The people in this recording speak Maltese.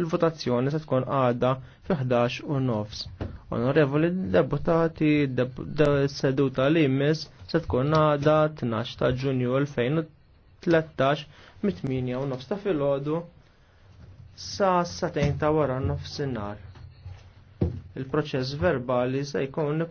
il-votazzjoni se tkun għada fi 11 u nofs. Onorevoli deputati, seduta li jmiss se tkun għada 12 ta' ġunju 2013 mit-8 u nofs ta' filgħodu sa satajn ta' wara nofsinhar. Il-proċess verbali se jkun